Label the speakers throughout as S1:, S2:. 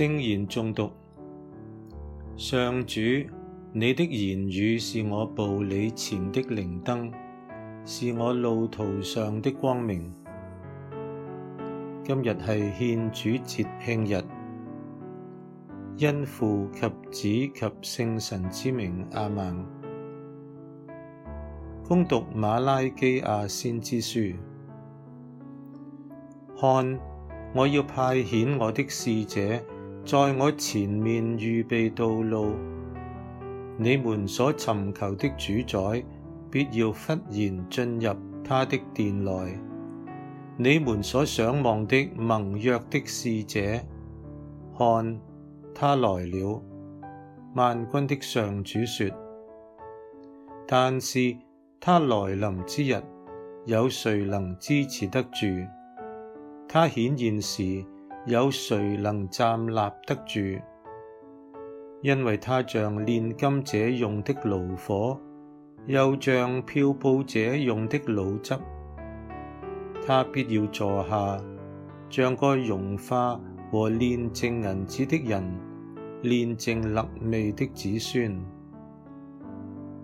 S1: 聖言誦讀。上主，你的言語是我步履前的靈燈，是我路途上的光明。今日係獻主節慶日，因父及子及聖神之名阿孟。恭讀馬拉基亞先知書看！我要派遣我的使者。在我前面預備道路，你們所尋求的主宰，必要忽然進入他的殿內；你們所想望的盟約的使者，看他來了。萬軍的上主說：但是他來臨之日，有誰能支持得住？他顯現時，有誰能站立得住？因為他像煉金者用的爐火，又像漂布者用的滷汁，他必要坐下，像個溶化和煉淨銀子的人，煉淨肋未的子孫，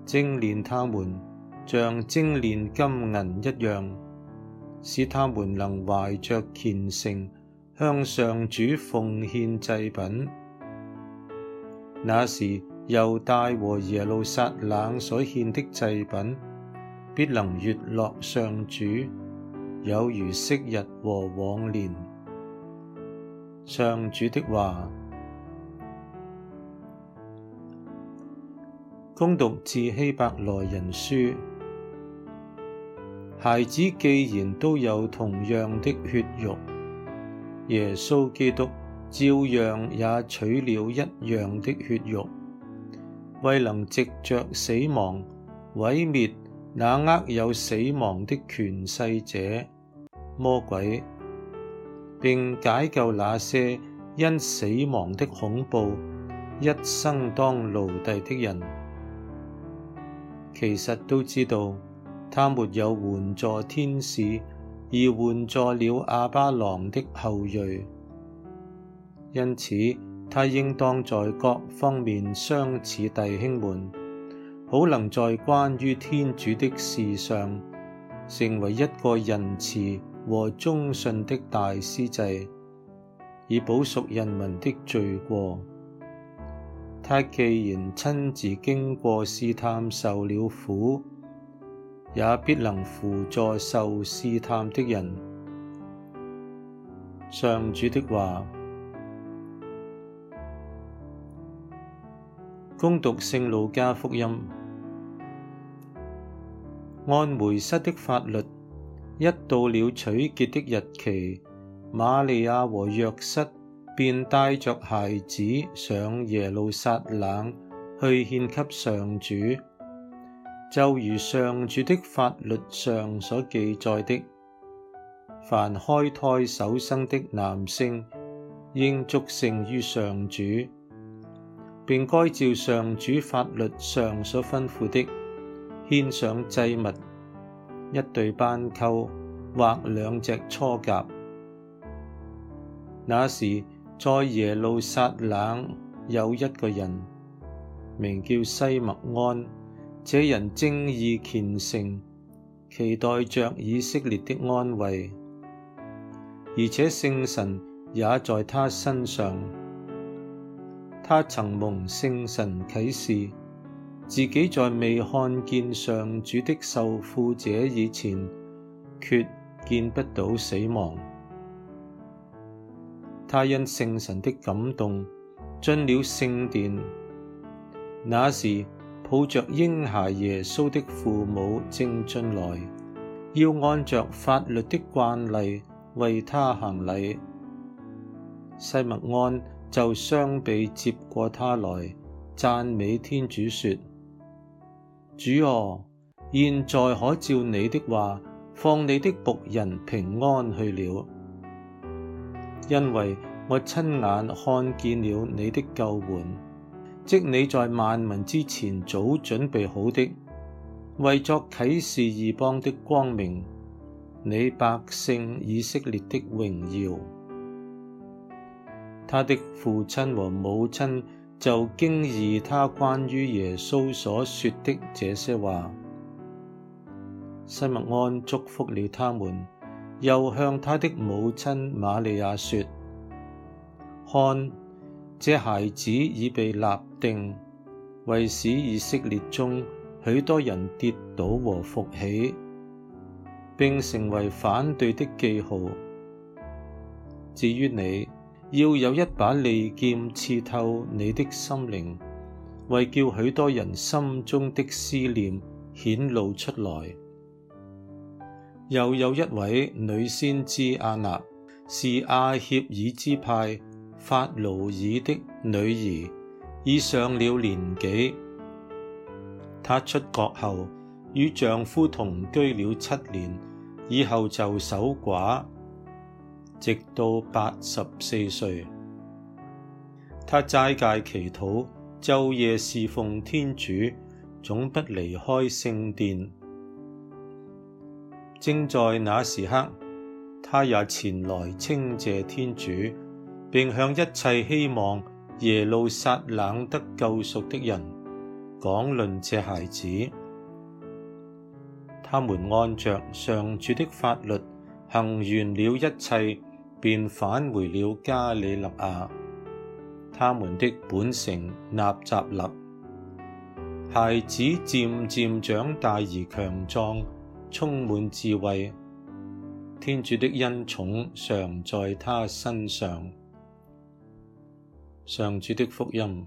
S1: 精煉他們，像精煉金銀一樣，使他們能懷着虔誠。向上主奉獻祭品，那時，猶大和耶路撒冷所獻的祭品，必能悅樂上主，有如昔日和往年。上主的話。恭讀致希伯來人書，孩子既然都有同樣的血肉。耶穌基督照樣也取了一樣的血肉，為能藉着死亡，毀滅那握有死亡的權勢者魔鬼，並解救那些因死亡的恐怖，一生當奴隸的人，其實都知道，他沒有援助天使。而援助了亞巴郎的後裔，因此他應當在各方面相似弟兄們，好能在關於天主的事上，成為一個仁慈和忠信的大司祭，以補贖人民的罪過。他既然親自經過試探，受了苦。也必能扶助受試探的人。上主的話。恭讀聖路加福音。按梅瑟的法律，一到了取潔的日期，瑪利亞和若瑟便帶着孩子上耶路撒冷去獻給上主。就如上主的法律上所記載的，凡開胎首生的男性應祝聖於上主，便該照上主法律上所吩咐的，獻上祭物，一對斑鳩或兩隻鶵鴿。那時在耶路撒冷有一個人，名叫西默盎。這人正義虔誠，期待着以色列的安慰，而且聖神也在他身上。他曾蒙聖神啟示，自己在未看見上主的受傅者以前，決見不到死亡。他因聖神的感動，進了聖殿，那時，.抱着嬰孩耶穌的父母正進來，要按着法律的慣例為他行禮。西默盎就雙臂接過他來，讚美天主說：主哦，現在可照你的話，放你的僕人平安去了，因為我親眼看見了你的救援。即你在萬民之前早準備好的，為作啟示異邦的光明，你百姓以色列的榮耀。他的父親和母親就驚異他關於耶穌所說的這些話。西默盎祝福了他們，又向他的母親瑪利亞說：看。這孩子已被立定，為使以色列中許多人跌倒和復起，並成為反對的記號。至於你，要有一把利劍刺透你的心靈，為叫許多人心中的思念顯露出來。又有一位女先知亞納，是阿協爾支派。法魯爾的女兒已上了年紀，她出國後與丈夫同居了七年，以後就守寡，直到八十四歲。她齋戒祈禱，晝夜侍奉天主，總不離開聖殿。正在那時刻，她也前來傾謝天主。並向一切希望耶路撒冷得救贖的人講論這孩子。他們按着上主的法律行完了一切，便返回了加里肋亞，他們的本城納匝肋。孩子漸漸長大而強壯，充滿智慧，天主的恩寵常在他身上。上主的福音。